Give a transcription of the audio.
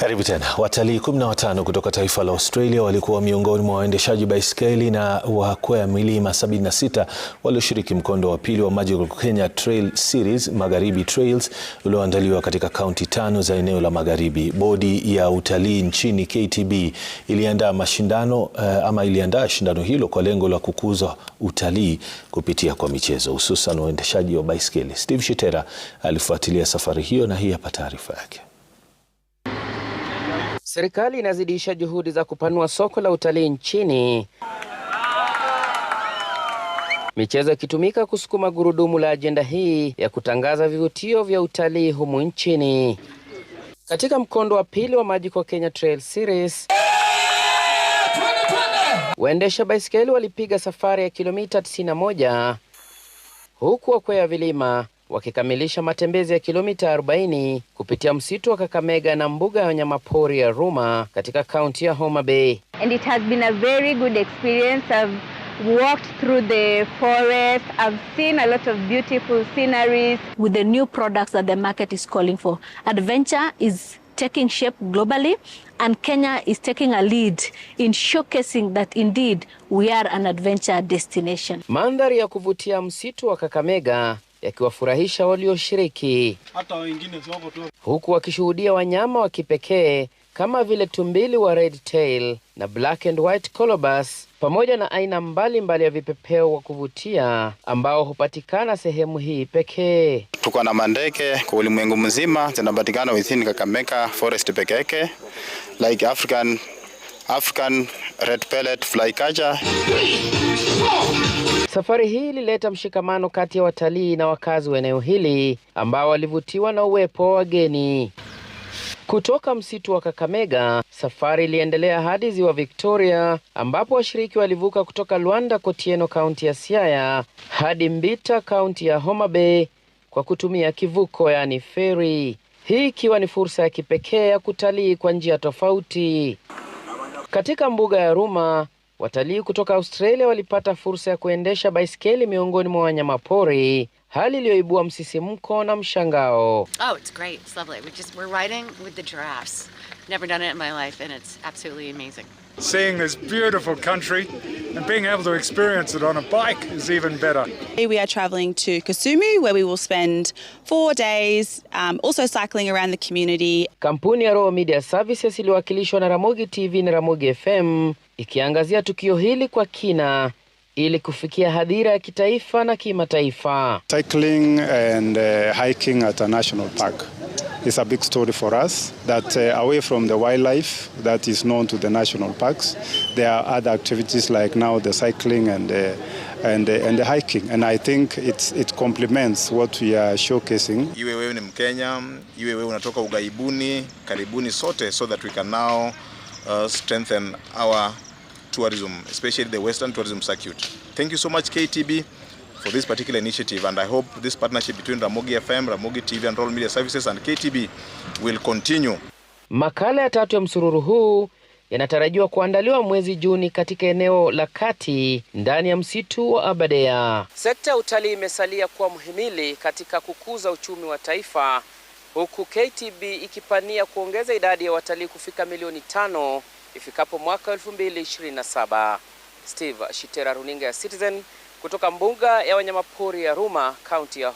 Karibu tena. Watalii 15 kutoka taifa la Australia walikuwa miongoni mwa waendeshaji baiskeli na wakwea milima 76 walioshiriki mkondo wa pili wa Magical Kenya Trail Series Magharibi Trails ulioandaliwa katika kaunti tano za eneo la Magharibi. Bodi ya utalii nchini KTB iliandaa mashindano uh, ama iliandaa shindano hilo kwa lengo la kukuza utalii kupitia kwa michezo, hususan waendeshaji wa baiskeli. Steve Shitera alifuatilia safari hiyo na hii hapa taarifa yake. Serikali inazidisha juhudi za kupanua soko la utalii nchini, michezo ikitumika kusukuma gurudumu la ajenda hii ya kutangaza vivutio vya utalii humu nchini. Katika mkondo wa pili wa maji kwa Kenya Trail Series, waendesha baiskeli walipiga safari ya kilomita 91 huku wakwea vilima wakikamilisha matembezi ya kilomita 40 kupitia msitu wa Kakamega na mbuga ya wanyamapori ya Ruma katika kaunti ya Homa Bay. And it has been a very good experience. I've walked through the forest. I've seen a lot of beautiful sceneries. With the new products that the market is calling for, adventure is taking shape globally and Kenya is taking a lead in showcasing that indeed we are an adventure destination. Mandhari ya kuvutia msitu wa Kakamega yakiwafurahisha walioshiriki, huku wakishuhudia wanyama wa kipekee kama vile tumbili wa red tail na black and white colobus pamoja na aina mbalimbali mbali ya vipepeo wa kuvutia ambao hupatikana sehemu hii pekee. Tuko na mandeke kwa ulimwengu mzima zinapatikana within Kakamega forest peke yake, like African, African red pellet flycatcher Safari hii ilileta mshikamano kati ya watalii na wakazi wa eneo hili ambao walivutiwa na uwepo wa wageni. Kutoka msitu wa Kakamega, safari iliendelea hadi ziwa Victoria ambapo washiriki walivuka kutoka Luanda Kotieno, kaunti ya Siaya hadi Mbita, kaunti ya Homa Bay kwa kutumia kivuko, yaani feri. Hii ikiwa ni fursa ya kipekee ya kutalii kwa njia tofauti katika mbuga ya Ruma. Watalii kutoka Australia walipata fursa ya kuendesha baiskeli miongoni mwa wanyamapori, hali iliyoibua msisimko na mshangao. Oh, it's great. It's lovely. We're just we're riding with the giraffes. Never done it in my life and it's absolutely amazing. Seeing this beautiful country and being able to experience it on a bike is even better. We are travelling to Kasumu where we will spend four days um, also cycling around the community. Kampuni ya Royal Media Services iliwakilishwa na Ramogi TV na Ramogi FM ikiangazia tukio hili kwa kina ili kufikia hadhira ya kitaifa na kimataifa. Cycling and uh, hiking at a national park. It's a big story for us that uh, away from the wildlife that is known to the national parks, there are other activities like now the cycling and uh, and uh, and the hiking and I think it's it complements what we are showcasing. Iwe wewe ni Mkenya, iwe wewe unatoka ugaibuni, karibuni sote so that we can now uh, strengthen our tourism, especially the western tourism circuit. Thank you so much KTB for this particular initiative and I hope this partnership between Ramogi FM, Ramogi TV and Royal Media Services and KTB will continue. Makala ya tatu ya msururu huu yanatarajiwa kuandaliwa mwezi Juni katika eneo la kati ndani ya msitu wa Abadea. Sekta ya utalii imesalia kuwa mhimili katika kukuza uchumi wa taifa huku KTB ikipania kuongeza idadi ya watalii kufika milioni tano ifikapo mwaka 2027. Steve Shitera, runinga ya Citizen kutoka mbuga ya wanyamapori ya Ruma kaunti ya